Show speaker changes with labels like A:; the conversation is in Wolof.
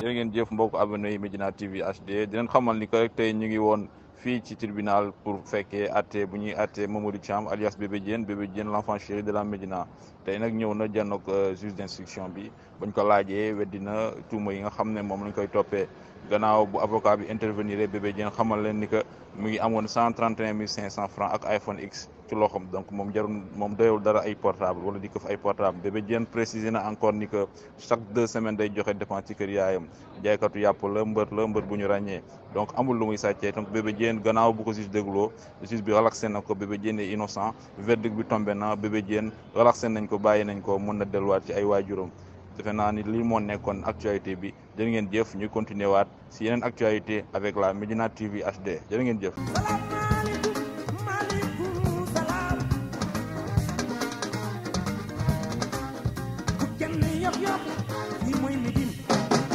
A: jërë ngeen jëf mbokk abonné yi Médina TV HD dinañ xamal ni ko rek tey ñu ngi woon fii ci tribunal pour fekkee atte bu ñuy atte Mamadou Thiam alias Bébé Diène Bébé Diène l'enfant chéri de la Médina tey nag ñëw na jànnoog euh, juge d'instruction bi bañ ko laajee weddina tuuma yi nga xam ne moom lañ koy toppee gannaaw bu avocat bi intervenir bébé Diène xamal leen ni que mu ngi amoon cent trente et un mille cinq cent francs ak iPhone X ci donc moom jarul moom dara ay portable wala di ko ay portable bébé Diène précisé na encore ni que chaque deux semaines day joxe dépense ci kër yaayam jaaykatu yàpp la mbër la mbër bu ñu ràññee donc amul lu muy sàccee donc bébé Diène gannaaw bu ko juge dégloo juge bi relaxé na ko bébé Diène est innocent verdict bi tombé na bébé Diène relaxé nañ ko bàyyi nañ ko mën na delluwaat ci ay waajuram defe naa ni lii moo nekkoon actualité bi jërë ngeen jëf ñuy continuer waat si yeneen actualité avec la Médina TV HD jërë ngeen jëf
B: Yo, yo.